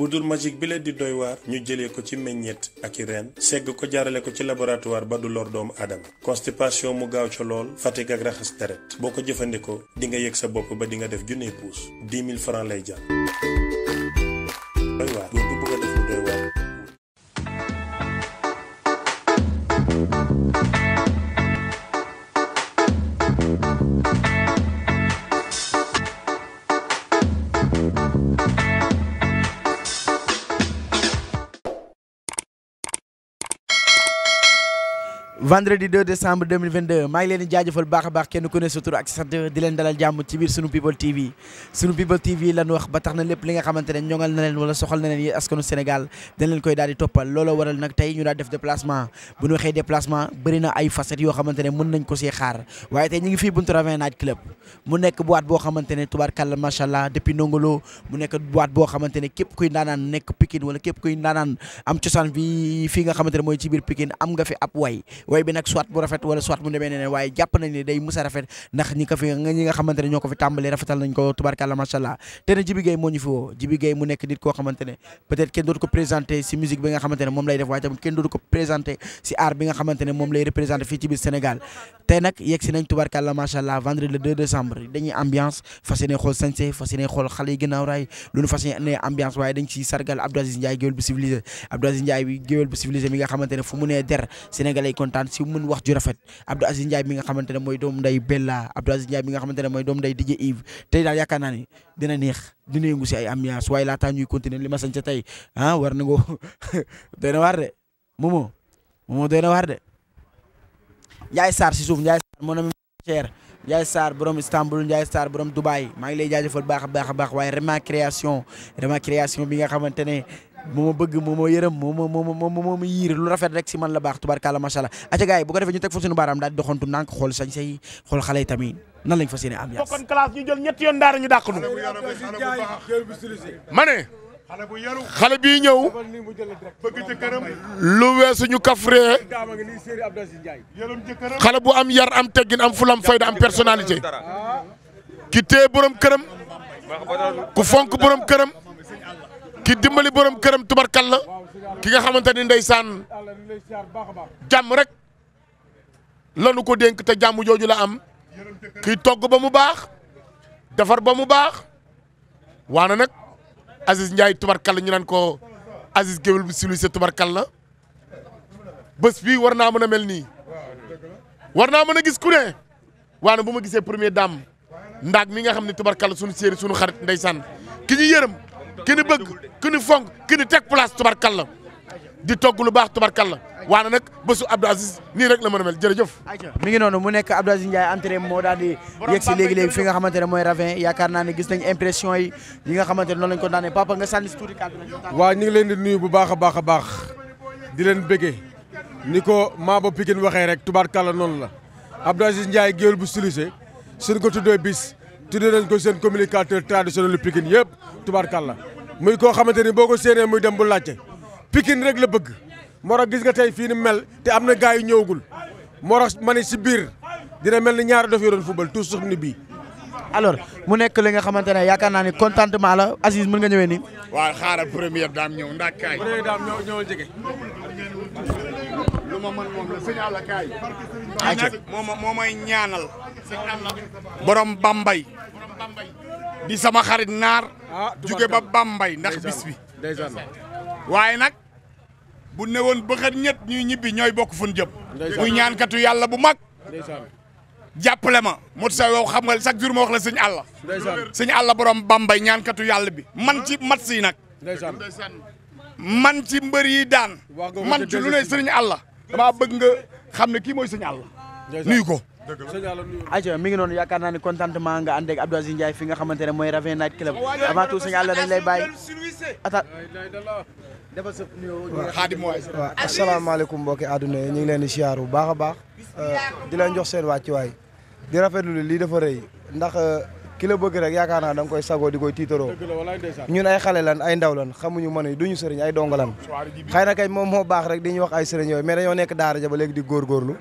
poudre magique bi leen di doy waar ñu jële ko ci meññeet ak i reen segg ko jaarale ko ci laboratuwaar ba du lor doomu aadama constipation mu gaaw ca lool fatigue ak raxas deret boo ko jëfandikoo di nga yëg sa bopp ba di nga def junne pouce dix mille francs lay jar doy vendredi 2 décembre 2022 maa ngi leen di jaajëfal baax a baax kenn ku ne sa tur di leen dalal jàmm ci biir sunu people TV sunu people TV lan wax ba tax na lépp li nga xamante ne ñoŋal na leen wala soxal na leen yi askanu Sénégal dañ leen koy daal di toppal looloo waral nag tey ñu daal def déplacement bu ñu waxee déplacement bëri ay facettes yoo xamante ne mën nañ ko see xaar waaye tey ñu ngi fii buntu Ravin Night Club mu nekk boîte boo xamante ne tubaarkàlla macha allah depuis Ndongolo mu nekk boîte boo xamante ne képp kuy ndaanaan nekk képp kuy ndaanaan am cosaan fii nga xamante ne mooy ci biir Pikine am nga way way bi nag soit bu rafet wala soit mu demee ne waaye jàpp nañ day mës rafet ndax ñi ko fi nga xamante ñoo ko fi tàmbali rafetal nañ ko tubarkàlla masàllaa te ne Jibi Gueye moo fi woo Jibi Gueye mu nekk nit koo xamante ne kenn dootu ko présenté si musique bi nga xamante moom lay def waaye tamit kenn dootu ko présenté si art bi nga xamante moom lay représenté fii ci Sénégal tey nag yegg si nañ tubarkàlla masàllaa vendredi le 2 décembre dañuy si mën wax ju rafet Abdou Aziz Ndiaye mi nga xamante ne mooy doomu nday Bella Abdou Aziz Ndiaye mi nga xamante ne mooy doomu nday DJ Yves tey daal yaakaar naa ni dina neex dina yëngu si ay ambiance waaye laataa ñuy continuer li ma sañ tey ah war na ko doy na waar de mo Momo doy na waar de Ndiaye Sarr si suuf Ndiaye Sarr mon ami cher Ndiaye Sarr borom Istanbul Ndiaye Sarr borom Dubaay maa ngi lay jaajëfal baax a baax a baax waaye Rema Création Rema Création bi nga xamante ne moo ma bëgg moo ma yërëm moo ma moo ma moo ma yiir lu rafet rek si man la baax tubarkalla macha allah. acca gars yi bu ko defee ñu teg fa suñu baaraam daal di doxantu ndànk xool sañ say xool xale yi tamit nan lañ fas yéene am yaas. bokkoon classe ñu jël nu. ma xale bii ñëw lu weesu ñu kafree xale bu am yar am teggin am fulam fayda am personnalité ki téye borom këram ku fonk borom këram. ki dimbali borom këram tubarkal la ki nga xamante ni ndeysaan jàmm rek lanu ko dénk te jàmm jooju la am kii togg ba mu baax defar ba mu baax waana nag Aziz Ndiaye tubarkal la ñu naan ko Aziz géwél bu siluy sa tubarkal la bés bii war naa mën a mel nii war naa mën a gis ku ne waana bu ma gisee première dame ndaag mi nga xam ne tubarkal sunu séeri sunu xarit ndeysaan ki ñu yërëm ki ni bëgg ki ni fonk ki ni teg place tubarkalla di togg lu baax tubarkalla waana nag bésu Abdou Aziz nii rek la mën a mel jërëjëf. mi ngi noonu mu nekk Abdou Aziz Ndiaye entrée moo daal di yegg si léegi léegi fi nga xamante ne mooy ravin yaakaar naa ne gis nañ impression yi yi nga xamante ne noonu lañ ko daanee papa nga sànni si tuuti ngi leen di nuyu bu baax a baax a baax di leen bëggee ni ko maa ba Pikine waxee rek tubarkalla noonu la Abdou Aziz Ndiaye géwél bu silusé suñ ko tuddee bis tuddee nañ ko seen communicateur traditionnel lu Pikine yëpp tubaarkàlla muy koo xamante ni boo ko séenee muy dem bu laajte pikin rek la bëgg moo tax gis nga tey fii ni mel te am na gars yu ñëwagul moo tax ma si biir dina mel ni ñaar dof yu doon football tout suuf ni bii. alors mu nekk li nga xamante ne yaakaar naa ni contentement la Aziz mën nga ñëwee nii. waaw xaaral première dame ñëw ndax kaay. première dame ñëw ñëwal jege. moo ma moo may ñaanal. borom Bambay. di sama xarit naar ah, jóge ba Bambay ndax bis bi waaye nag bu ne woon bëxat ñett ñuy ñibbi ñooy bokk fun jëm muy ñaankatu yàlla bu mag jàppale ma mot sa yow xam nga chaque jour ma wax la sëñ àlla sëñ àlla borom Bambay ñaankatu yàlla bi man ci mat si nag man ci mbër yi daan man ci lu ne sëriñ àlla damaa bëgg nga xam ne kii mooy sëñ àlla nuyu ko ayca mi ngi noonu yaakaar naa ni contentement nga ànd ak Abdou Aziz Ndiaye fi nga xamante ne mooy Raven Night Club avant tout sëñ Alla mbokki àdduna yi ñu ngi leen di siyaar bu baax a baax di leen jox seen wàccuwaay di rafetlu lii dafa rëy ndax euh, ki la bëgg rek yaakaar naa da nga koy sagoo di koy tiitaroo ñun ay xale lan ay ndaw lan ñu mën yi duñu sëriñ ay dongalan xëy na kay moom moo baax rek di ñu wax ay sëriñ yooyu mais dañoo nekk daara ja ba léegi di góorgóorlu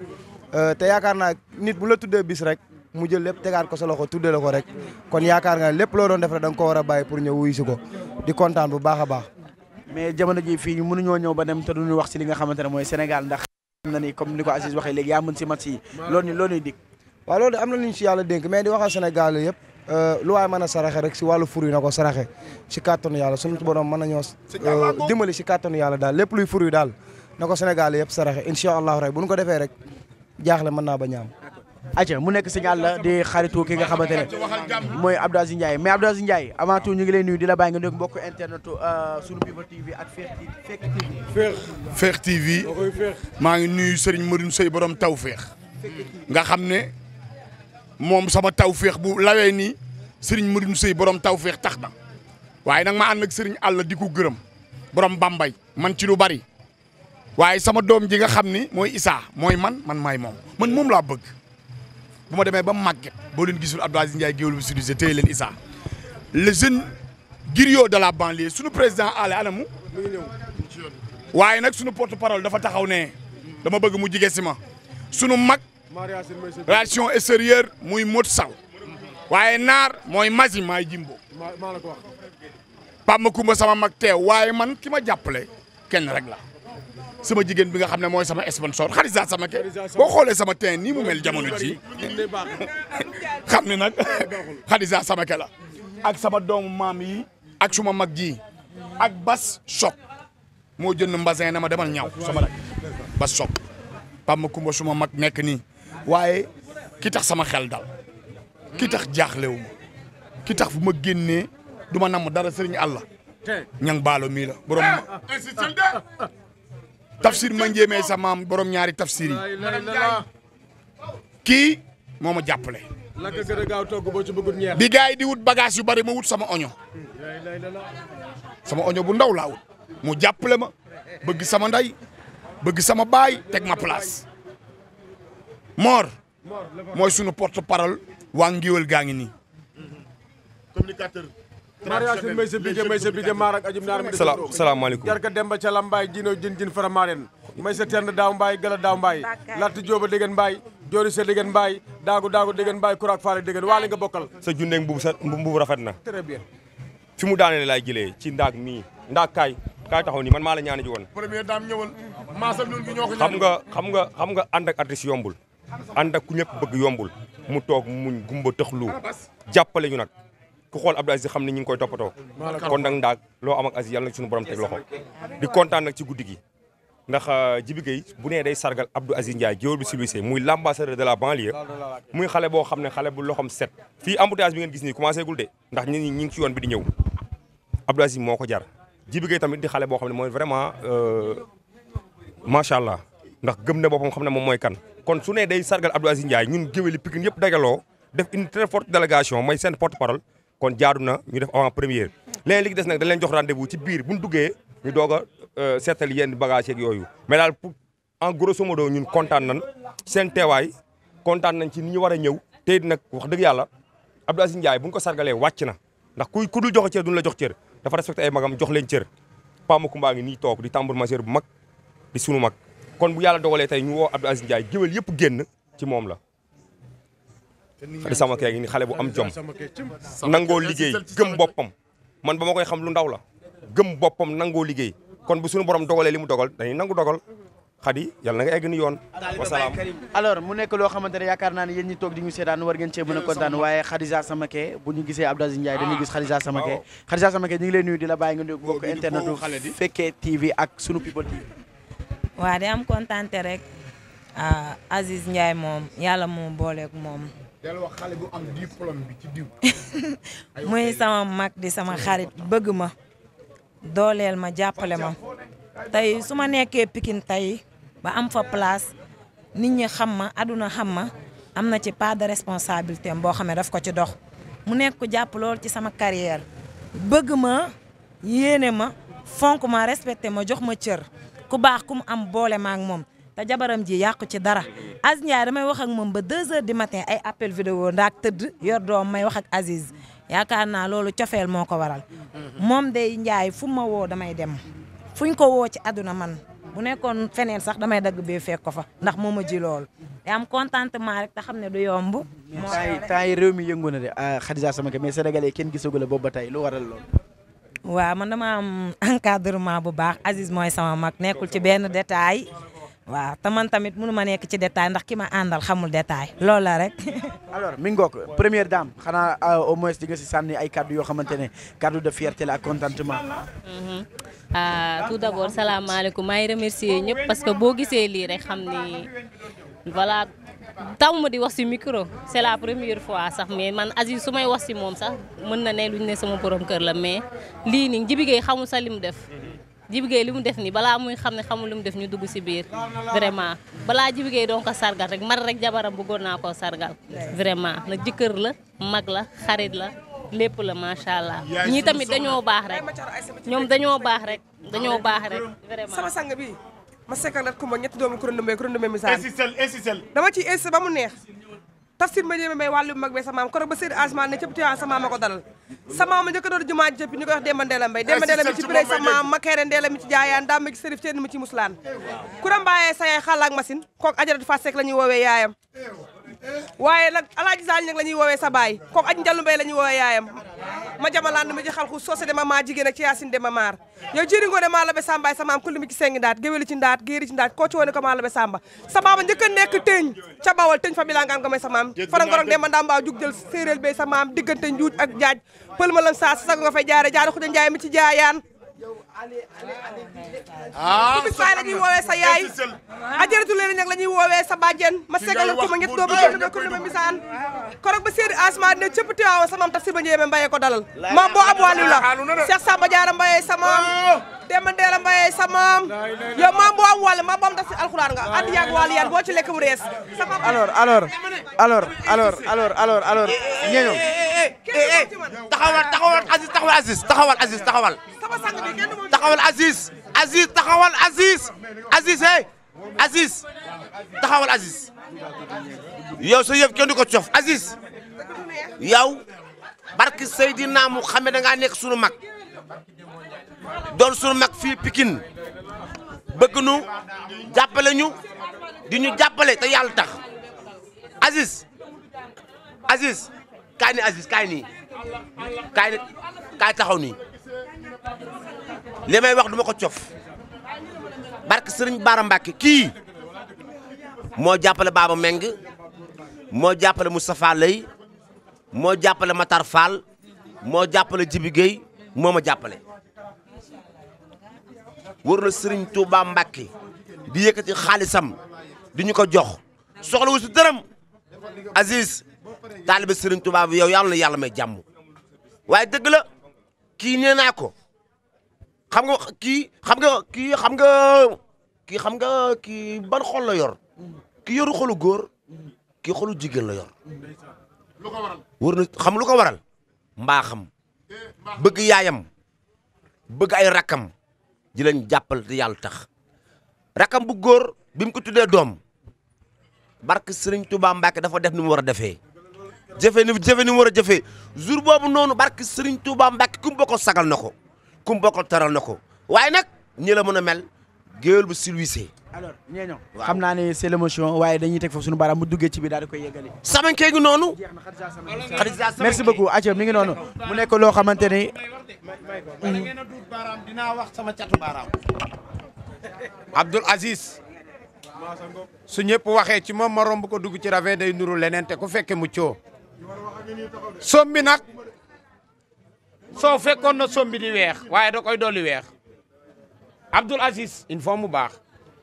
Euh, te yaakaar naa nit bu la tuddee bis rek mu jël lépp tegaat ko sa loxo tuddee la ko rek kon yaakaar nga lépp loo doon def da nga war a bàyyi pour ñëw wuyu si ko di bu baax a baax. mais jamono ji fii ñu mënuñoo ñëw ba nem te duñu wax si li nga xamante ne mooy Sénégal ndax am na waxee léegi yaa mën si match yi loolu loolu ñuy dig waaw loolu yàlla dénk mais di waxal Sénégal yëpp euh, lu waay mën a saraxe rek si wàllu fur yi na ko saraxe si kàttanu yàlla suñu borom mën nañoo euh, dimbali si kàttanu yàlla daal lépp luy fur daal na ko Sénégal yëpp saraxe incha allah rek bu ñu ko defee rek jaaxle mën naa ba ñaam acca mu nekk signal la di xaritu ki nga xamante ne mooy Abdou Aziz Ndiaye mais Abdou Aziz Ndiaye ñu ngi lay nuyu di la bàyyi nga nuyu mbokk internet euh, sunu TV ak Fekh TV. maa ngi nuyu Serigne Marine Sey borom taw tawféex nga xam ne moom sama taw tawféex bu lawee nii Serigne Marine Sey borom tawféex tax na waaye nag ma ànd ak Serigne àll di ko gërëm borom Bambay man ci lu bari waaye sama doom ji nga xam ni mooy Issa mooy man man may moom man moom laa bëgg bu ma demee ba màgget boo leen gisul Abdou Aziz Ndiaye géwél bu sudise téye leen Issa le jeune griot de la banlieue suñu président ale anamu waaye nag suñu porte parole dafa taxaw ne dama bëgg mu jige si ma suñu mag relation extérieure muy mot saw waaye naar mooy magi maay jimbo pam ma kumba sama mag teew waaye man ki ma jàppale kenn rek la sama jigéen bi nga xam ne mooy sama sponsor xarisa sama ke boo xoolee sama teen nii mu mel jamono ji xam ne nag xarisa sama ke la ak sama doomu maam yi ak suma mag ji ak bas choc moo jënd mbasin na ma demal ñaw sama rak bas choc pam kumba suma mag nekk nii waaye ki tax sama xel dal ki tax jaaxlewu ma ki tax fu ma génnee du ma namm dara sëriñ àlla ñang baalo mii la borom ah, ah, ah, tafsir ma njéemee sa maam borom ñaari tafsir yi kii moo ma jàppale. bi gars yi di wut bagage yu bari ma wut sama oño sama oño bu ndaw laa wut mu jàppale ma bëgg sama nday bëgg sama baay teg ma place Mor mooy sunu porte parole waa Ngiwel gaa ngi nii mariyaasin may sa bije may sa bije maar ak ajum naar mi salaamaaleykum jarka demba ca la mbaay jinoo jin jin fara maaren may sa tern daaw mbaay gala daaw mbaay latt jóoba déggan mbaay joori sa déggan mbaay daagu daagu déggan mbaay kuraak faale déggan waale nga sa junneeg mbubu sa rafet na fi mu daanee laay jëlee ci ndaag mii ndaag kaay kaay taxaw ni man maa la ñaani ji woon première dame ñëwal maasal xam nga xam nga xam nga ànd ak artiste yombul ànd ak ku ñëpp bëgg yombul mu toog muñ gumba tëxlu jàppale ñu ku xool Abdou Aziz xam ne ñu ngi koy toppatoo kon nag ndaag loo am ak Aziz yàlla na suñu borom teg loxo di kontaan nag ci guddi gi ndax euh, Jibi Gueye bu nee day sargal Abdou Aziz Ndiaye géwél bi civilisé muy l'ambassadeur de la banlieue muy xale boo xam ne xale bu loxom set fii embouteillage bi ngeen gis nii commencé gul de ndax ñi ñi ngi ci yoon bi di ñëw Abdou Aziz moo ko jar Jibi tamit di xale boo xam ne mooy vraiment euh, macha allah ndax gëm na boppam xam ne moom mooy kan kon su nee day sargal Abdou Aziz Ndiaye ñun géwéli Pikine yëpp dagaloo def une très délégation mooy seen porte parole kon jaadu na ñu def avant première leneen li ci des nag dañ leen jox rendez-vous ci biir bu ñu duggee ñu doog a euh, seetal yenn bagage yeeg yooyu mais daal pour en grosso modo ñun kontaan nañ seen teewaay kontaan nañ ci ni ñu war a ñëw tey di nag wax dëgg yàlla Abdou Aziz Ndiaye bu ñu ko sargalee wàcc na ndax ku ku dul jox cër duñu la jox cër dafa respecté ay magam jox leen cër Paa Makumba ngi nii toog di tambour majeur bu mag di sunu mag kon bu yàlla dogalee tey ñu woo Abdou Aziz Ndiaye géwél yëpp génn ci moom Fadi Samba Keye ngi xale bu am jom nangoo liggéey gëm man ba ma koy xam lu ndaw la gëm boppam nangoo liggéey kon bu suñu borom dogalee li mu dogal dañuy nangu dogal Xadi yàlla na nga egg ni yoon wasalaam alors mu nekk loo xamante ne yaakaar naa ne yéen ñi toog di ñu seetaan war ngeen cee a kontaan waaye Khadija Samake bu ñu gisee Abdou Aziz Ndiaye dañuy gis Khadija Samake Khadija Samake ñu ngi lay nuyu di la bàyyi nga nuyu bokk internetu Fekke TV ak sunu People TV waaw di am kontaante rek ah, Aziz Ndiaye moom yàlla moo booleeg moom del wax xale ci diw. muy sama mag di sama xarit bëgg ma dooleel ma jàppale ma tey su ma nekkee pikin tey ba am fa place nit ñi xam ma àdduna xam ma am na ci part de responsabilité boo xam ne daf ko ci dox. mu nekk ku jàpp lool ci sama carrière bëgg ma yéene ma fonk ma respecté ma jox ma cër ku baax ku mu am boole ma ak moom. te jabaram ji yàqu ci dara Aziz Ndiaye damay wax ak moom ba 2 heures du matin ay appel vidéo ndaak tëdd yor doom may wax ak Aziz yaakaar naa loolu cofeel moo ko waral moom day Ndiaye fu ma woo damay dem fuñ ko woo ci àdduna man bu nekkoon feneen sax damay dagg bee fekk ko fa ndax moo ma ji loolu te am contentement rek te xam ne du yomb. moo tax temps yi réew mi yëngu na de ah, Khadija sama kër mais sénégalais kenn gisagu la boobu ba tey lu waral loolu. waaw man dama encadrement bu baax Aziz mooy sama mag nekkul ci benn détail waaw te man tamit mënu ma nekk ci détail ndax ki ma àndal xamul détail loolu la rek. alors mi ngoog première dame xanaa euh, au moins di si sànni ay kaddu yoo xamante ne kaddu de fierté la ak contentement. Mhm. ah tout d'abord salaamaaleykum maay remercier ñëpp parce que boo gisee lii rek xam ni voilà. taw ma di wax si micro c'est la première fois sax mais man Aziz su may wax si moom sax mën na ne lu ñu ne sama borom kër la mais lii nii Jibi Gueye xamul sa lim def Djiby li mu def nii balaa muy xam ne xamul li mu def ñu dugg si biir vraiment balaa Djiby Gueye doon ko sargal rek man rek jabaram bëggoon naa koo sargal vraiment nag jëkkër la mag la xarit la lépp la macha allah ñii tamit dañoo baax rek ñoom dañoo baax rek dañoo baax rek vraiment sama sang bi ma sekkal lat ko ma ñetti doomu kurandumee kurandumee misaal insistel insistel dama ci insisté ba mu neex tafsir ma jéeme may wàllu mag bee sa maam ba seedi asman sama ma njëkk doon jumaa jëpp ñu koy wax Demba Ndela Mbay Demba Ndela mi ci birey sama makere Ndela mi ci jaayaan daam mi ci sërif mi ci muslaan kuram mbaayee sayay xalaak machine kook ajarat fa sek la ñuy woowee yaayam waaye nag alaaji Sall nag la ñuy woowee sa aj njallu mbay la ñuy woowee yaayam ma jamalaan ma ji xalxu soose dema maa jigéen ak ci yaasin dema maar yow jiringoo ne maa la be samba sa maam kulli mi ci sengi ndaat géwéli ci ndaat géeri ci ndaat koo ci woone ko maa la be samba sa baaba njëkk a nekk teeñ ca bawal teeñ fa bilangaan nga may sa maam de ma ndaam jug jël séeréel bay sa diggante njuuj ak jaaj pël ma saa sa sago nga fay jaare jaare xuja njaay mi ci jaayaan ah Coumba Faye la ñuy woowee sa yaay ajaratu leen nag la ñuy woowee sa bàjjen ma segalal ko ma ngeen dooba jënd ba kulluma misaan korog ba seeri asma ne cëpp tiwaawa sama am tax si ba ñëwee mbaye ko dalal maam boo ab wàllu la Cheikh Samba Diarra mbaye sa maam Demba ba mbaye sa maam yow maam boo am wàllu maam boo am tax si alxuraan nga ànd yaag wàllu yaan boo ci lekk mu rees alors alors alors alors alors alors alors ñeño taxawal taxawal Aziz taxawal. taxawal Aziz. Aziz taxawal Aziz. Aziz taxawal Aziz. yow sa yëf kenn du ko cof Aziz yow barki Seydina mu xame da ngaa nekk sunu mag doon sunu mag fii Pikine bëgg nu jàppale ñu di ñu jàppale te yàlla tax Aziz Aziz kaani nii kaani kaay kaay taxaw nii li may wax duma ko cof barke sëriñ Baara Mbàkke kii moo jàppale Baba Meng moo jàppale Moustapha Lay moo jàppale Matar moo jàppale Jibi Gueye moo ma jàppale wër na sëriñ Touba Mbàkke di yëkkati xaalisam di ñu ko jox soxla wu si dërëm Aziz taalibe sëriñ Touba bi yow yàlla na yàlla may jàmm waaye dëgg la kii nee naa ko xam nga kii xam nga kii xam nga kii xam nga kii ban xol la yor kii yoru xolu góor ki xolu jigéen la yor lu ko waral na xam lu ko waral mbaaxam bëgg yaayam bëgg ay rakkam di leen jàppal te yàlla tax rakkam bu góor bi mu ko tuddee doom barke Sëriñ Tuubaa Mbàkke dafa def ni mu war a defee jëfe ni jëfe war a jëfee jour boobu noonu barke sëriñ Touba Mbacke ku mu sagal na ko ku teral bokkal na ko waaye nag ñi la mën a mel géwél bu silwisee. alors ñeeño xam naa ne c'est l'émotion waaye dañuy teg foofu suñu baaraam mu duggee ci bi daal di koy yeggali samankee ngi noonu xadisa merci beaucoup aco mi ngi noonu mu nekk loo xamante ni bala wax sama catu baaraam Abdoul Aziz su ñëpp waxee ci moom ma romb ko dugg ci ravin day nuru leneen te ku fekke mu coo som bi nag soo fekkoon na som di weex waaye da koy dolli weex Abdoul Aziz il faut mu baax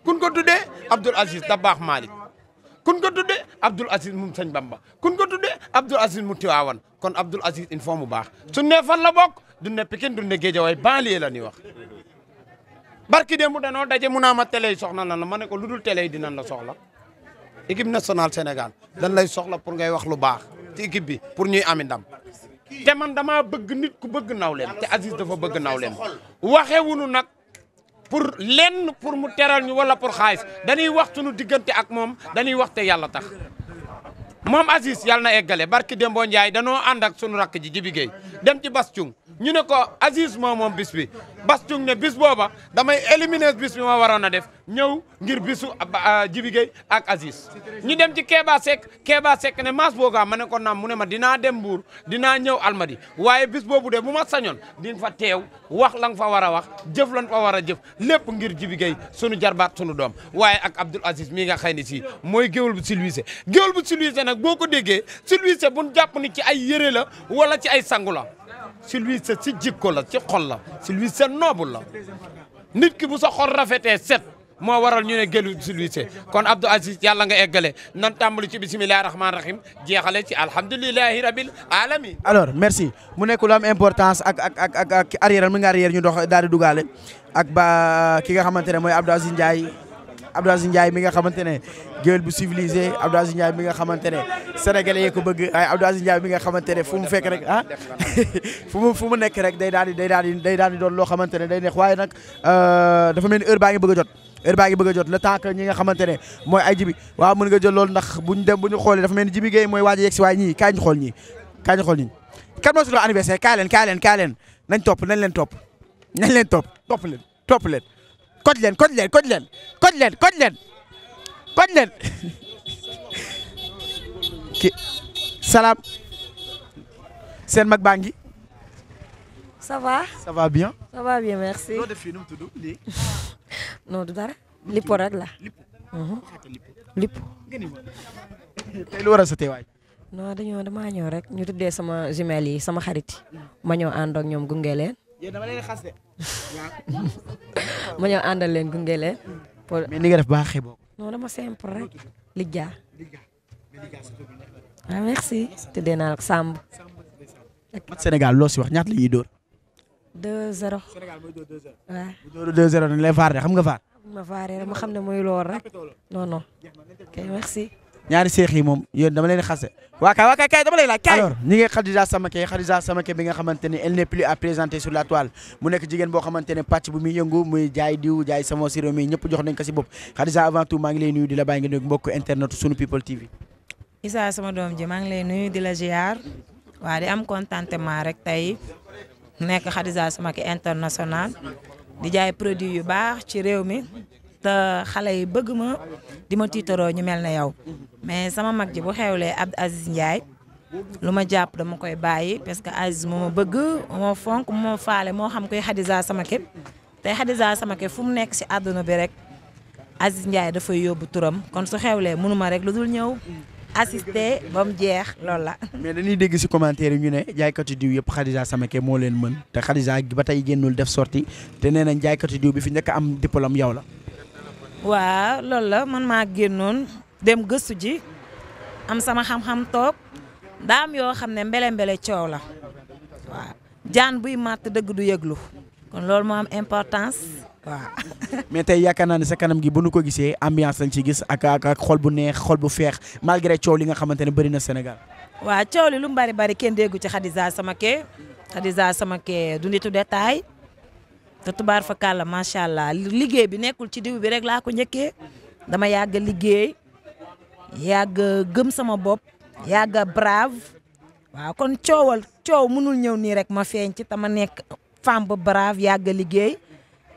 kun ko tuddee Abdoul Aziz da baax Malick kun ko tuddee Abdoul Aziz mu Sëñ Bamba kun ko tuddee Abdoul Aziz mu Tiwaawan kon Abdoul Aziz il faut mu baax suñ ne fan la bok du ne Pikine du ne Géejawaay banlieue la ñuy wax barki mu danoo daje mu naa ma télé soxna lan la ma ne ko lu dul télé yi dinañ la soxla équipe national Sénégal dañ lay soxla pour ngay wax lu baax ci équipe bi pour ñuy am ndam te man dama bëgg nit ku bëgg naw leen te Aziz dafa bëgg naw leen nawleem waxewunu nag pour lenn pour mu teral ñu wala pour xaalis dañuy wax sunu diggante ak moom dañuy wax te yàlla tax moom Aziz yàlla na eggale barki demboo Ndiaye danoo ànd sunu rakk ji Jibi Gueye dem ci Bass Thioung ñu ne ko Aziz moo moom bis bi Bass Thioung ne bis booba damay éliminer bis bi ma waroon a def ñëw ngir bisu ah, ah, Jibi Gueye ak Aziz ñu dem ci Kéba Seck Kéba Seck ne maas boogaa ma ne ko naam mu ne ma dinaa dem buur dinaa ñëw Almadi waaye bis boobu de bu ma sañoon din fa teew wax lang nga fa war a wax jëf la nga fa war a jëf lépp ngir Jibi Gueye sunu jarbaat sunu doom waaye ak Abdoul Aziz mii nga xëy ni si mooy géwél bu silwise géwél bu silwise nag boo ko déggee silwise buñ jàpp ni ci ay yére la wala ci ay sangu civilité si jikko la ci xol la civilité noble la nit ki bu sa xol rafetee set moo waral ñu ne gëlu civilité kon Abdou Aziz yàlla nga eggale nan tàmbali ci bisimilah rahmaani rahim jeexale ci alhamdulilahi rabil alamin alors merci mu nekk lu am importance ak ak ak ak ak arrière mi nga arrière ñu dox daal di dugaale ak ba ki nga xamante ne mooy Abdou Aziz Ndiaye Abdou Aziz Ndiaye mi nga xamante ne géwél bu civilisé Abdou Aziz Ndiaye mi nga xamante ne sénégalais yi ko bëgg ay Abdou Aziz Ndiaye mi nga xamante ne fu mu fekk rek ah fu mu nekk rek day daal di day daal di day daal di doon loo xamante ne day neex waaye nag euh, dafa mel ni heure baa ngi bëgg a jot heure baa bëgg jot la temps que ñi nga xamante ne mooy ay jibi waaw mën nga jël loolu ndax buñ dem bu ñu xoolee dafa mel ni jibi Gueye mooy waaj a yegg si waaye ñii kaay ñu xool ñii kaay ñu xool ñii kan moo suñu anniversaire kaay leen kaay leen kaay leen nañ topp nañ leen topp nañ leen topp topp leen topp leen koj leen koj leen koj leen koj leen koj leen bañ leen ki salaam seen mag baa ngi. ça va bien. merci. noo def dara. lipo rek la. lipo. Mhm. tey lu waral sa teewaay. non dañoo damaa ñëw rek ñu tuddee sama jumelle yi sama xarit ma ñëw ànd ñoom gunge leen. dama leen xas de. non dama simple rek. Lidia. ah merci. tuddee naa la Samb. mat Sénégal loo si wax ñaata la ñuy dóor. 2-0. waaw. bu dóorul 2-0 dañ lay vaar de xam nga vaar. ma vaaree rek ma xam ne mooy lool rek non non. ok merci. ñaari seex yi moom yéen dama leen xase waa kay waa kay kay dama lay laaj kay alors ñi ngi Khadija Samake Khadija Samake bi nga xamante ne elle n'est plus à présenter sur la mu nekk jigéen boo xamante ne pàcc bu muy yëngu muy jaay diw jaay sama siro mi ñëpp jox nañ ko si bopp Khadija avant tout maa ngi lay nuyu di la bàyyi nga nuyu mbokk internet sunu people TV sama doom ji maa ngi lay nuyu di la ziar waa di am contentement rek tey nekk Khadija Samake international di jaay produit yu baax ci réew mi te xale yi bëgg ma di ma tiitaroo ñu mel na yow mais sama mag ji bu xewlee Abdou Aziz Ndiaye lu ma jàpp dama koy bàyyi parce que Aziz moo ma bëgg moo fonk moo faale moo xam koy xadisa sama képp tey Xadija sama ke fu mu nekk si àdduna bi rek Aziz Ndiaye dafay yóbbu turam kon su xewlee mënuma rek lu dul ñëw assisté ba mu jeex loolu la. mais dañuy dégg ci commentaire yi ñu ne jaaykatu diw yëpp sama Samake moo leen mën te Khadija ba tey génnul def sorti te nee nañ bi fi njëkk am diplôme yow la. waa loolu la man maa génnoon dem gëstu ji am sama xam-xam toog am yoo xam ne mbele mbele coow la waaw jaan buy màtt dëgg du yëglu kon loolu moo am importance waaw. mais tey yaakaar naa ne sa kanam gi bu nu ko gisee ambiance lañ ci gis ak ak xol bu neex xol bu feex malgré coow li nga xamante ne bëri na Sénégal. waa coow li lu mu bari bari kenn déggu ci Khadija sama kee Khadija sama kee du nitu détail te tubaar fa kàlla macha allah liggéey bi nekkul ci diw bi rek laa ko njëkkee dama yàgg liggéey yàgg gëm sama bopp yàgg brave waaw kon coowal coow mënul ñëw nii rek ma feeñ ci te ma nekk femme bu brave yàgg liggéey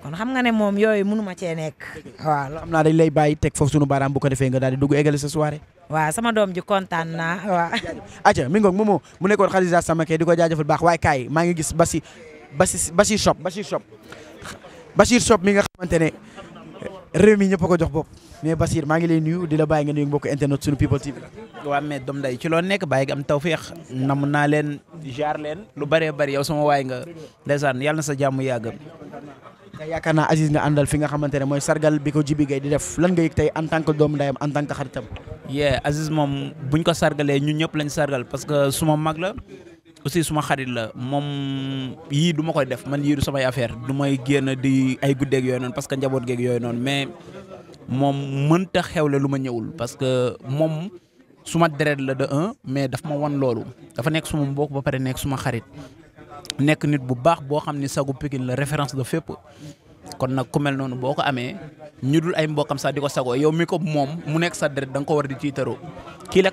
kon xam nga ne moom yooyu munu ma cee nekk. waaw xam naa dañ lay bàyyi teg foofu sunu baaraam bu ko defee nga daal di dugg égale sa sama doom ji kontaan naa waaw. acca mi ngoog moomoo mu nekkoon Khadija Samake di ko jaajëfal baax waaye kaay maa ngi gis basi Bassi Bachir Shop Bachir Shop Bachir Shop mi nga xamante ne réew mi ñëpp a ko jox bopp mais Bachir maa ngi lay nuyu di la bàyyi nga nuyu mbokk internet suñu people TV. waaw mais doom day ci loon nekk bàyyi gi am tawféex nam naa leen jaar leen lu bëree bëri yow sama waay nga ndeysaan yàlla na sa jàmm yàgg. te yaakaar naa Aziz nga àndal fi nga xamante ne mooy sargal bi ko Jibi Gueye di def lan nga yëg tey en tant que doomu ndayam en tant que xaritam. yee Aziz moom buñ ko sargalee ñun ñëpp lañ sargal parce que suma mag la. aussi suma xarit la moom yii duma ma koy def man yii du samay affaire du may génn di ay guddeeg yooyu noonu parce que njaboot geeg yooy noonu mais moom mënta xewle lu ma ñëwul parce que moom suma deret la de un mais daf ma wan loolu dafa nekk suma mbokk ba pare nekk suma xarit nekk nit bu baax boo xam ni sagu Pikine la référence de fépp kon nag ku mel noonu boo ko amee ñu dul ay mbokkam sax di ko sagoo yow mi ko moom mu nekk sa deret da nga ko war di tiitaroo kii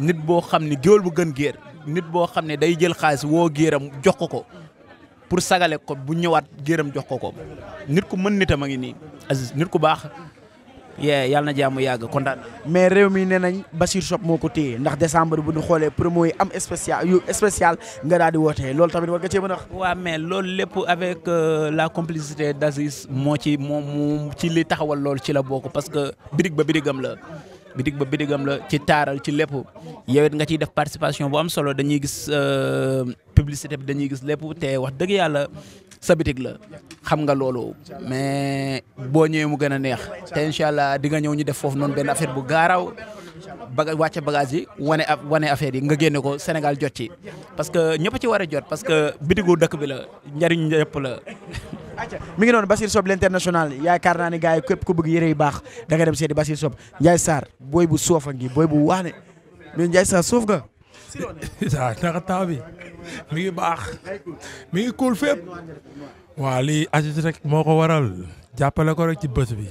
nit boo xam ne géwél bu gën geer nit boo xam ne day jël xaalis woo géeram jox ko ko pour sagale ko bu ñëwaat géeram jox ko ko nit ku mën nitam a ngi nii Aziz nit ku baax yee yàlla na jaamu yàgg kontaan mais réew mi nee nañ Bachir Shop moo ko téye ndax décembre bu ñu xoolee promo yi am spécial yu spécial nga daal di wootee loolu tamit war ga cee mën a wax waaw mais loolu lépp avec euh, la complicité d'Aziz moo ci moom ci li taxawal loolu ci la bokk parce que birig ba birigam la bitig ba bitigam la ci taaral ci lépp yow nga ciy def participation bu am solo dañuy gis euh, publicité bi dañuy gis lépp te wax dëgg yàlla sa bitig la xam nga loolu mais boo ñëwee mu gën a neex te incha allah di nga ñëw ñu def foofu noonu benn affaire bu gaaraaw baga wàcce bagage yi wane a wane affaire yi nga génne ko Sénégal jot ci parce que ñëpp ci war a jot parce que bitigu dëkk bi la njariñ ñëpp la mi ngi noonu Basir Sob yaakaar naa ne gars yi képp ku bëgg yëre yu baax da nga dem seeti Basir Sob Ndiaye Sarr booy bu soofa ngi booy bu wax ne mais Ndiaye Sarr soof nga waaw naka temps bi mu ngi baax mi ngi kuul fépp waaw lii Aziz rek moo ko waral jàppale ko rek ci bës bi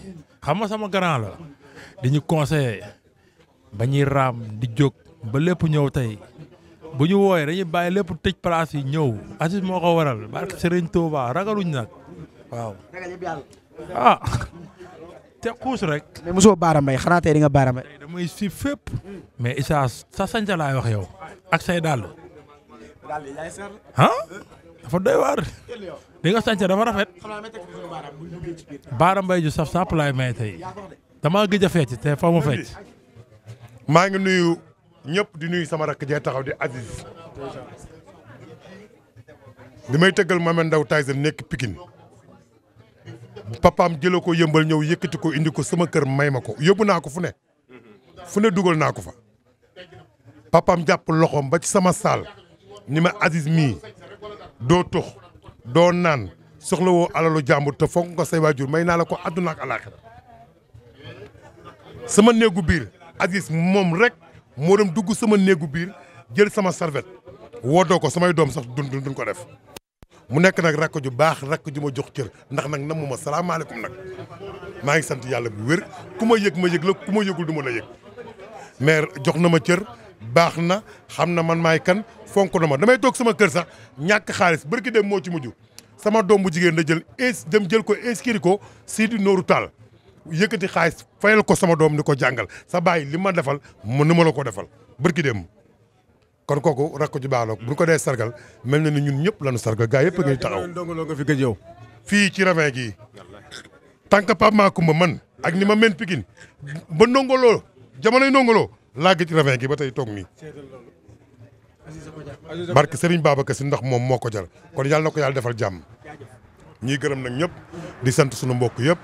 xam nga sama grand la di ñu conseiller ba ñuy raam di jog ba lépp ñëw tey bu ñu rek dañuy bàyyi lépp tëj place yi ñëw Aziz moo ko waral barke Serigne Touba ragaluñ nag waaw ah. te xuus rek. mais mosoo baara mbay xanaa tey di nga baara mbay. tey damay si fépp. mais Issa sa sañca laay wax yow. ak say dàll. ah. dafa doy waar. di nga sañca dafa rafet. baara saf sàpp may tey. damaa gëj a te fa mu maa ngi nuyu ñëpp di nuyu sama rakk taxaw di Aziz. li may tëggal Mame Ndao Tyson nekk Pikine. papaam jëlee ko yëmbal ñëw yëkkati ko indi ko sama kër may ma ko yóbbu naa ko fu ne fu ne dugal naa ko fa papaam jàpp loxoom ba ci sama saal ni ma Aziz mii doo tux doo naan soxla soxlawoo alalu jàmbur te fonk nga say waajur may naa la ko àdduna ak alaaxira sama néegu biir Aziz moom rek moo dem dugg sama néegu biir jël sama serviette woodoo ko samay doom sax dun dun ko def mu nekk nag rakk ju baax rakk ju ma jox cër ndax nag namu ma salaamaaleykum nag maa ngi sant yàlla bu wér ku ma yëg ma yëg la ku ma yëgul du ma la yëg mais jox na ma cër baax na xam na man maay kan fonk na ma damay toog sama kër sax ñàkk xaalis barki dem moo ci mujj sama doom bu jigéen la jël ins dem jël ko inscrire ko Sidi Nooru Tall yëkkati xaalis fayal ko sama doom ni ko jàngal sa bàyyi li ma defal mu ni ma la ko defal barki dem kon kooku rakk ju baax la bu ko dee sargal mel na ni ñun ñëpp lañu sargal gaa yëpp a ngi taxaw fii ci ravin gii tant que Pape Makumba man ak ni ma men Pikine ba ndongoloo jamonoy ndongoloo laa ci ravin gii ba tey toog nii barke Serigne Babacar Sy ndax moom moo ko jar kon yàlla na ko yàlla defal jàmm ñuy gërëm nag ñëpp di sant sunu mbokk yëpp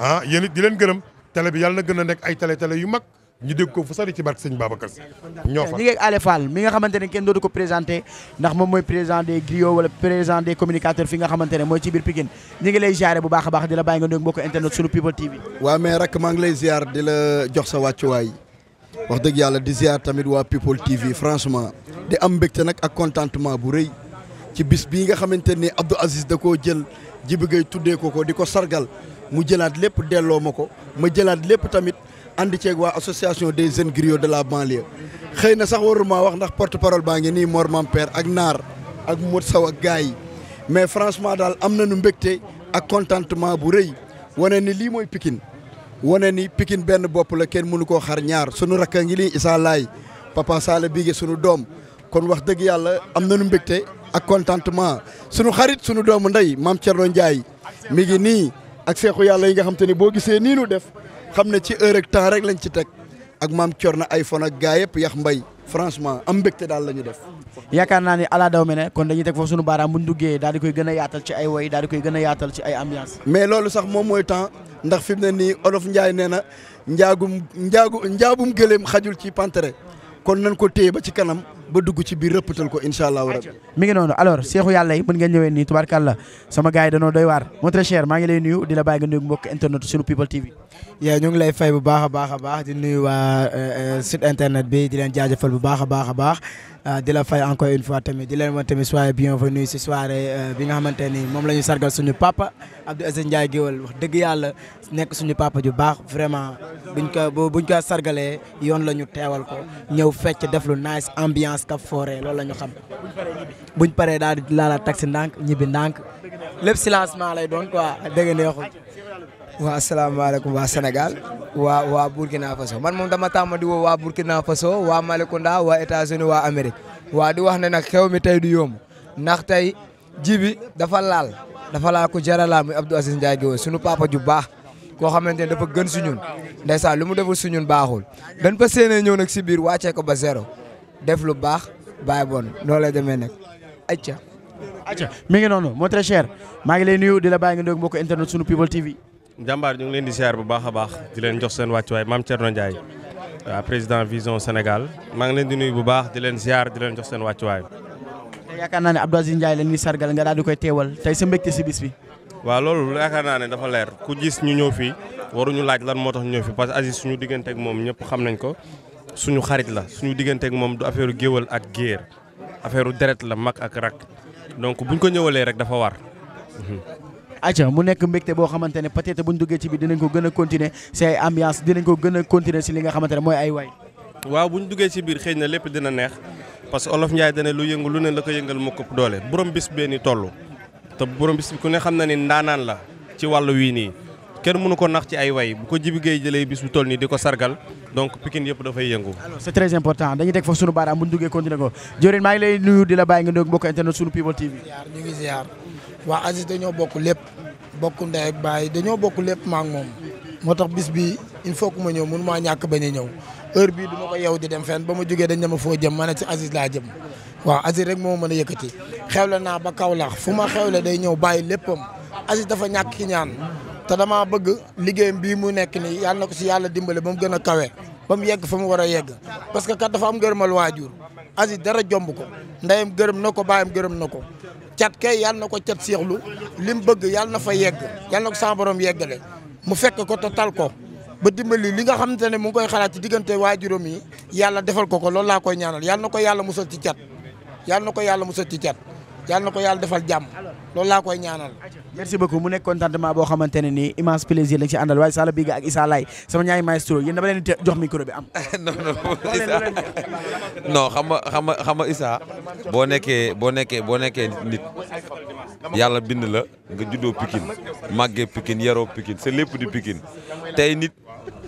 ah yéen it di leen gërëm télé bi yàlla na gën a nekk ay télé télé yu mag ñu dégg ko fu sori ci barke sëñ Babacar Si ñoo Ale Fall mi nga xamante ne kenn dootu ko présenté ndax moom mooy président des griots wala président des communicateurs fi nga xamante ne mooy ci biir Pikine ñi ngi lay ziare bu baax a baax di la bàyyi nga nuyu mbokk internet sunu People TV waaw mais rek maa ngi lay ziar di la jox sa waay wax dëgg yàlla di ziar tamit waa People TV franchement di am mbégte nag ak contentement bu rëy ci bis bii nga xamante ni Abdou Aziz da koo jël Jibi Gueye tuddee ko ko di ko sargal mu jëlaat lépp delloo ma ko ma jëlaat lépp tamit ànd ceeg waa association des jeunes grio de la banlieue xëy na sax waruma wax ndax porte parole baa ngi nii Mor Mampère ak Naar ak Modou Sow ak gars yi mais franchement daal am na nañu mbégte ak contentement bu rëy wane ni lii mooy Pikine wane ni Pikine benn bopp la kenn mënu koo xar ñaar sunu rakk ngi lii Issa Laye Papa Sala Bigué sunu doom kon wax dëgg yàlla am na nañu mbégte ak contentement sunu xarit sunu doomu ndey Mame Thierno Ndiaye mi ngi nii ak seexu yàlla yi nga xam ni boo gisee nii def. xam ne ci heure ak temps rek lañ ci teg ak maam Corne iPhone ak gaa yëpp yax mbay franchement am mbégte daal la ñu def. yaakaar naa ni ala daw me ne kon dañuy teg foofu sunu baaraam bu ñu duggee daal di a yaatal ci ay woy daal di koy gën a yaatal ci ay ambiance. mais loolu sax moom mooy temps ndax fi mu ne nii olof Njaay nee na njaagum njaagu njaabum gëléem xajul ci pantere kon nan ko téye ba ci kanam. ba dugg ci biir rëppatal ko incha allahu rabi. mi ngi noonu alors seexu yàlla yi mën ngeen ñëwee nii tubaarkàlla sama gars yi doy waar mon très maa ngi lay nuyu di la bàyyi nga nuyu mbokk internet sunu people TV. yaa ñu ngi lay fay bu baax a baax a baax di nuyu waa eh, eh, site internet bi di leen jaajëfal bu baax a baax a baax ah, di la fay encore une fois tamit di leen eh, moom la ñu sargal suñu papa Abdou Aziz Ndiaye Guèwel wax dëgg yàlla nekk suñu papa ju baax la ñu teewal ko ñëw fecc def lu Escap foore loolu la ñu xam. buñ paree daal di laala taxi ndànk ñibbi ndànk lépp silencement lay doon quoi dégg neexul. waa asalaamaaleykum waa Sénégal waa waa Burkina Faso man moom dama tàmm di woo waa Burkina Faso waa Malicounda waa États-Unis waa Amérique waa di wax ne nag xew mi tey du yomb ndax tey ji bi dafa laal dafa laal ku jaralaa muy Abdou Aziz Ndiaye Guèye sunu papa ju baax koo xamante ne dafa gën suñun ndeysaan lu mu deful suñun baaxul dañ fa séenee ñëw nag si biir wàccee ko ba zéro def lu baax bàyyi bon loolu lay demee nag acca acca mi ngi noonu moo très cher maa ngi lay nuyu di la bàyyi nga doog mbokk internet sunu people TV. jàmbaar ñu ngi leen di siyaar bu baax a baax di leen jox seen wàccuwaay maam Thierno Ndiaye waa président vision Sénégal maa ngi leen di nuyu bu baax di leen siyaar di leen jox seen wàccuwaay. te yaakaar naa ne Abdou Aziz Ndiaye leen di sargal nga daal di koy teewal tey sa mbégte si bis bi. waaw loolu yaakaar naa ne dafa leer ku gis ñu ñëw fii waruñu laaj lan moo tax ñu ñëw fii parce que suñu digganteeg moom ñëpp xam nañ ko suñu xarit la suñu digganteek moom du affaire géwal ak géer affaire deret la mag ak rak donc buñ ko ñëwalee rek dafa war. Mmh. acca mu nekk mbégte boo xamante ne peut-être buñ duggee ci biir dinañ ko gën a continuer si ay ambiance ko gën a si li nga xamante ne mooy ay waay. waaw ñu duggee ci biir xëy na lépp dina neex parce que olof Ndiaye dana lu yëngu lu ne la ko yëngal moo këpp doole borom bis bee ni toll te borom bis bi ku ne xam na ni ndaanaan la ci wàllu wii nii. kenn mënu ko nax ci ay way bu ko Jibi Gueye jëlee bis bu toll nii di ko sargal donc Pikine yëpp dafay yëngu. alors c'est très important dañuy teg foofu sunu baaraam bu ñu duggee continuer ko Diorine maa ngi lay nuyu di la bàyyi nga nuyu mbokk internet sunu People waa Aziz dañoo bokk lépp bokk ndey ak baay dañoo bokk lépp maa moom moo tax bis bi il faut que ma ñëw mënu maa ñàkk bañ a ñëw heure bi du ma ko yew di dem fenn ba ma jógee dañ ne ma foo jëm ma a ci Aziz laa jëm waaw Aziz rek moo mën a yëkkati xewle naa ba kaw Kaolack fu ma xewle day ñëw bàyyi léppam Aziz dafa ñàkk ki ñaan te damaa bëgg liggéeyam bii mu nekk nii yàlla na ko si yàlla dimbale ba mu gën a kawe ba mu yegg fa mu war a yegg parce que kat dafa am gërëmal waajur asi dara jomb ko ndeyam gërëm na ko baayam gërëm na ko cat kay yàlla na ko cat seexlu li mu bëgg yàlla na fa yegg yàlla na ko sama borom yeggale mu fekk ko te tal ko ba dimbali li nga xamante ne mu ngi koy xalaat ci diggante waajuram yi yàlla defal ko ko loolu laa koy ñaanal yàlla na ko yàlla musal ci cat yàlla na ko yàlla musal ci cat yàlla na ko yàlla defal jàmm loolu laa koy ñaanal. merci beaucoup mu nekk contentement boo xamante ne nii immense plaisir lañ si àndal waaye Sala Biga ak sama ñaay sama ñaari maestro yéen dama leen di jox micro bi am. non non non xam nga xam nga xam nga Issa boo nekkee boo nekkee boo nekkee nit yàlla bind la nga juddoo Pikine màggee Pikine yaroo Pikine c'est lépp di Pikine tey nit.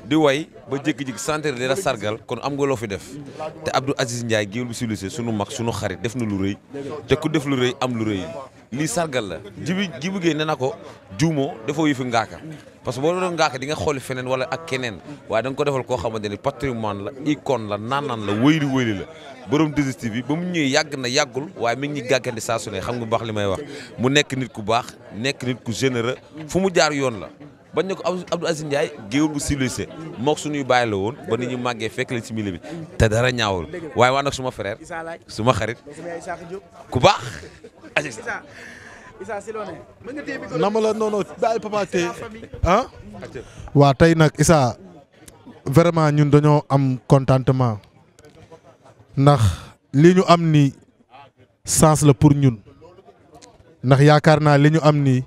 di way ba jékki-jékki centre di la sargal kon am nga loo fi def te Abdou Aziz Ndiaye géwél bi civilisé sunu mag sunu xarit def na lu rëy te ku def lu rëy am lu rëy lii sargal la jibi jibi géey ne na ko juumoo dafoo fi ngaaka parce que boo doon ngaaka di nga xooli feneen wala ak keneen waaye da ko defal koo xamante ni patrimoine la icône la naanaan la wëyli wëyli la borom digestif bi ba mu ñëwee yàgg na yàggul waaye mi ngi ñuy saa su xam nga baax li may wax mu nekk nit ku baax nekk nit ku généreux fu mu jaar yoon la bañ ne ko Abdou Aziz Ndiaye géwél bu civilisé mook suñuy baay la woon ba nit ñu màggee fekk leen ci milieu bi te dara ñaawul waaye waa nag suma frère suma xarit ku baax Aziz Issa si loonee. mën nga ah? waa tey nag Issa vraiment ñun dañoo am contentement ndax li ñu am nii sens la pour ñun ndax yaakaar naa li ñu am nii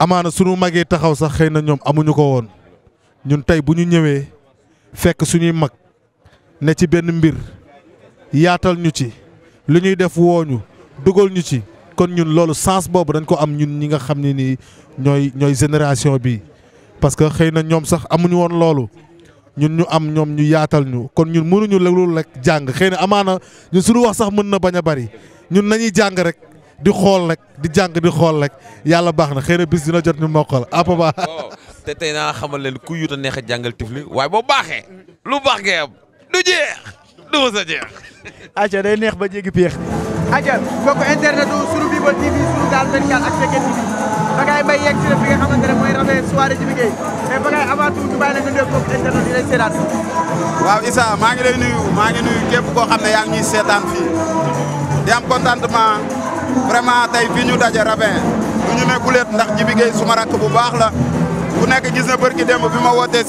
amaana sunu mag yi taxaw sax xëy na ñoom amuñu ko woon ñun tey bu ñu ñëwee fekk suñuy mag ne ci benn mbir yaatal ñu ci li ñuy def wooñu dugal ñu ci kon ñun loolu sens boobu dañ ko am ñun ñi nga xam ne nii ñooy ñooy génération bi parce que xëy na ñoom sax amuñu woon loolu ñun ñu am ñoom ñu yaatal ñu kon ñun mënuñu lu rek jàng xëy na amaana ñun suñu wax sax mën na bañ a bari ñun nañuy jàng rek. di xool rek di jàng di xool rek yàlla baax na xëy na bis dina jot ñu mokkal ah, apaba te tey naa xamal leen ku yuta neex a jàngal tifli waaye boo baaxe lu baax ngay am du jeex du sa jeex. acca day neex ba jéggi peex. aja mbokk internet sunu People TV sunu gaal 24 ak Sen TV Bagaye Mbaye yegg si la fi nga xamante ne mooy rafet soirée ji liggéey mais Bagaye avant tout ñu bàyyi la nga nuyoog mbokk internet yi lay seetaan. waaw Issa maa ngi lay nuyu maa ngi nuyu xam ne yaa ngi ñuy seetaan am contentement vraiment tey fii ñu daje Ravin du ñu ne guleet ndax Jibi Gueye suma rakk bu baax la ku nekk gis na bërki démb bi ma wootee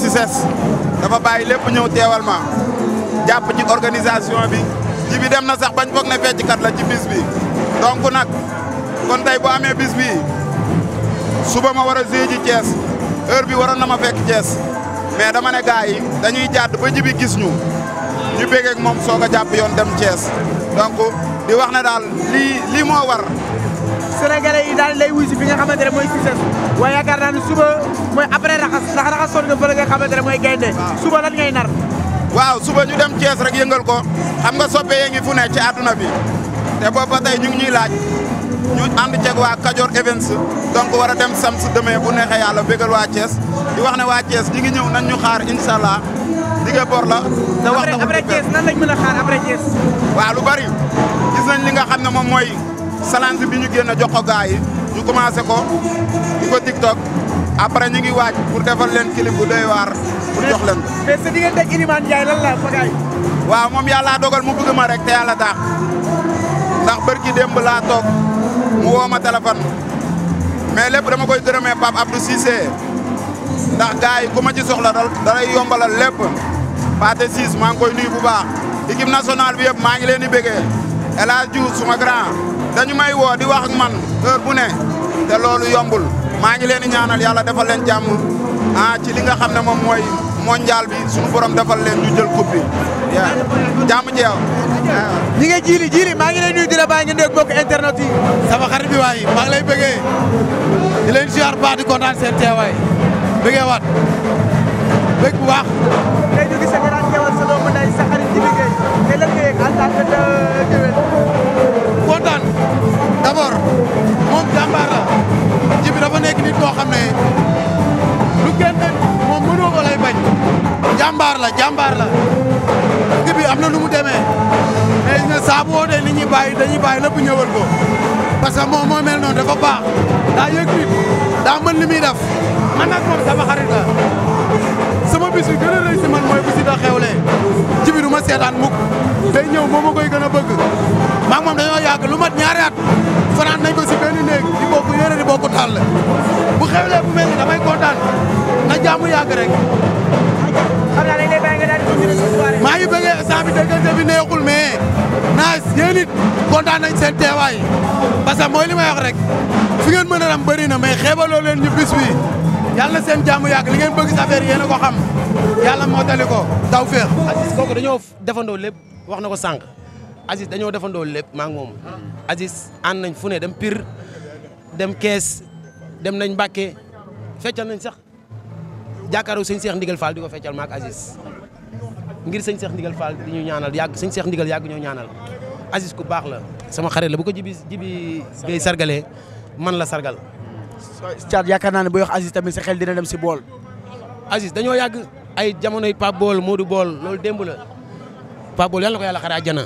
dafa bàyyi lépp ñëw teewal ma jàpp ci organisation bi. ji dem na sax bañ foog ne fecckat la ci bis bi donc nag kon tey bu amee bis suba ma war a ji Thiès heure bi waroon na ma fekk Thiès mais dama ne gars yi dañuy jaat ba ji gis ñu ñu bégeeg moom soog a jàpp yoon dem Thiès donc di wax ne daal lii lii moo war. Sénégalais yi daal lay wuy fi nga xamante ne mooy succès waaye yaakaar naa ne suba mooy après raxas ndax raxas sonn nga fële nga xamante ne mooy gaynde ah. suba lan ngay nar. waaw suba ñu dem Thiès rek yëngal ko xam nga soppe yee ngi fu ne ci àdduna bi te booba tey ñu ngi ñuy laaj ñu ànd ceeg waa Kajor Events donc war a dem samsu demee bu neexee yàlla bégal waa Thiès di wax ne waa Thiès ñi ngi ñëw nañ ñu xaar incha allah dige bor la. wax dëgg après Thiès nan lañ mën a xaar après lu bari gis nañ li nga xam ne moom mooy salance bi ñu génn jox ko gars yi. ñu commencé ko di ko TikTok après ñu ngi waaj pour defal leen clip bu doy waar pour jox leen ko. mais sa diggante waaw moom yàlla dogal mu bëgg ma rek te yàlla tax ndax bërki démb laa toog mu woo ma téléphone mais lépp dama koy gërëmee Pape Abdou Cissé ndax gars yi ku ma ci soxla dal dalay yombalal lépp Pathé Ciss maa ngi koy nuyu bu baax équipe nationale bi yëpp maa ngi leen di bëggee El suma grand. dañu may woo di wax ak man bu ne te loolu yombul maa ngi leen di ñaanal yàlla defal leen jàmm ah ci li nga xam ne moom mooy mondial bi suñu borom defal leen ñu jël coupe bi yaa jàmm jeew ñi jiili jiili maa ngi di la bàyyi nga nuyu ak mbokk internet yi. sama xarit lay bëggee di leen ziar baax di kontaan seen teewaay bëggee waat bëgg te lan ne lu génne moom mënoo ko lay bañ jàmbaar la jàmbaar la dëkk am na lumu mu demee mais ne saa bu wootee nit ñi bàyyi dañuy bàyyi lépp ñëwal ko parce que moom moo mel noonu dafa baax daa yëg nit daa mën li muy def man nag moom sama xarit la sama bis bi gën a si man mooy bu si da xewlee ci biir du ma seetaan mukk day ñëw moom ma gën a bëgg maa moom dañoo yàgg lu mat ñaari at nañ ko si benn néeg di yéene di bokk taal la bu xewlee maa ngi bëggee instant bi déggante neexul mais naaj yéen it kontaan nañ teewaay parce que mooy li may wax rek fi ngeen mën a ram bëri na mais xeebaloo leen ñu bis bi yàlla na seen jàmm yàgg li bëgg sa affaire yéen a ko xam yàlla moo tali ko taw féex. Aziz kooku dañoo defandoo lépp wax na ko sànq Aziz dañoo defandoo lépp maa ngi moom hmm. Aziz ànd nañ fu ne dem pire. dem kees dem nañ Mbàkke feccal nañ sax jàkkaaroo sëñ Seex Ndigal Fall di ko feccal maak Aziz ngir sëñ Seex Ndigal Fall di ñu ñaanal yàgg sëñ Seex Ndigal yàgg ñoo ñaanal Aziz ku baax la sama xarit la bu ko jibi jibi ngay sargalee man la sargal Thiat yaakaar naa ne buy wax Aziz tamit sa xel dina dem si bool Aziz dañoo yàgg ay jamonoy Pape Bool moodu Bool loolu démb la Pape Bool yàlla na ko yàlla xara àjjana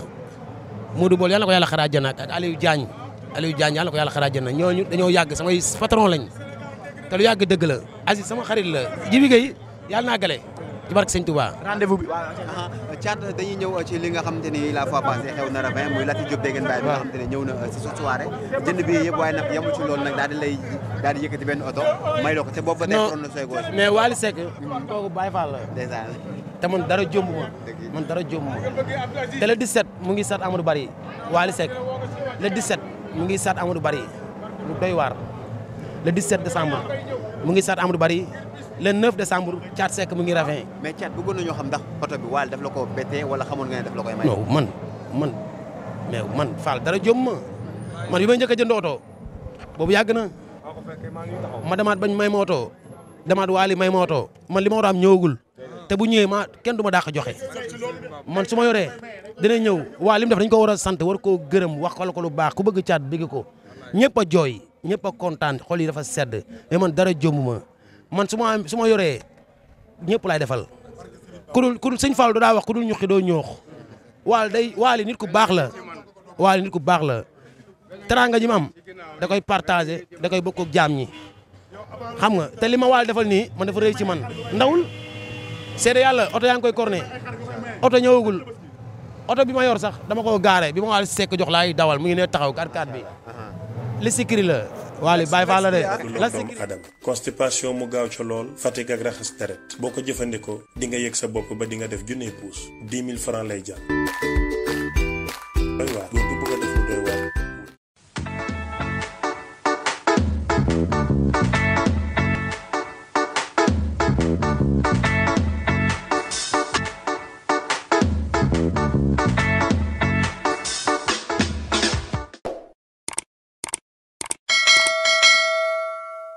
Modou Bool yàlla na ko yàlla xara àjjana ak Aliou Diagne Aliou Diagne yàlla ko yàlla xaraa jënd ñooñu dañoo yàgg samay patron lañ yàgg dëgg la Aziz sama xarit la Jibi Gueye yàlla naa gale ci barke Sëñ Touba. rendez-vous bi waaw Thiat dañuy ñëw ci li nga xamante ni la fois passée xew na ravin muy Latif Diop dégg nga. bi nga xamante ni ñëw na si euh, sa jënd bi yëpp waaye nag yemul ci nag daal di lay daal di yëkkati benn oto may la ko te boobu na sooy góor. mais Waly hmm. la. dèjà te man dara jomb ma man dara jomb ma te le 17 mu ngi sat Amadou Bari Waly Seck le 17. mu ngi stade Amadou Barry lu doy waar le 17 décembre mu ngi stade Amadou bari le 9 décembre Thiat Seck mu ngi ravin. mais Thiat bëggoon nañoo xam ndax oto bi waal daf la ko bettee wala xamoon nga ne daf la ko may. non man man man Fall dara jom ma man bi may njëkk a jënd oto yàgg na ma demaat bañ may ma oto demaat waali may ma oto man li ma war am ñëwagul. te bu ñëwee ma kenn du ma dàq joxe man su ma yoree dina ñëw waa li mu def dañ ko war a sant war koo gërëm wax ko la ko lu baax ku bëgg caat bëgg ko ñëpp jooy ñëpp a kontaan xol yi dafa sedd man dara jomb ma man su ma su ma yoree ñëpp laay defal ku dul ku dul sëñ daa wax ku dul ñuqi doo ñoox waal day waali nit ku baax la waali nit ku baax la teraanga ji ma da koy partagé da koy bokk ak jaam ñi xam nga te li ma waal defal nii man dafa rëy ci man ndawul seede yàlla oto yaa ngi koy corné oto ñëwagul oto bi ma yor sax dama ko gaare bi ma waal sekk jox laay dawal mu ngi ne taxaw 4 x bi li sikiri la waali bàyyi faa la de la sikiri adam constipation mu gaaw ca lool fatigue ak raxas deret boo ko jëfandikoo di nga yëg sa bopp ba di nga def junni pouce 10 mille francs lay jàll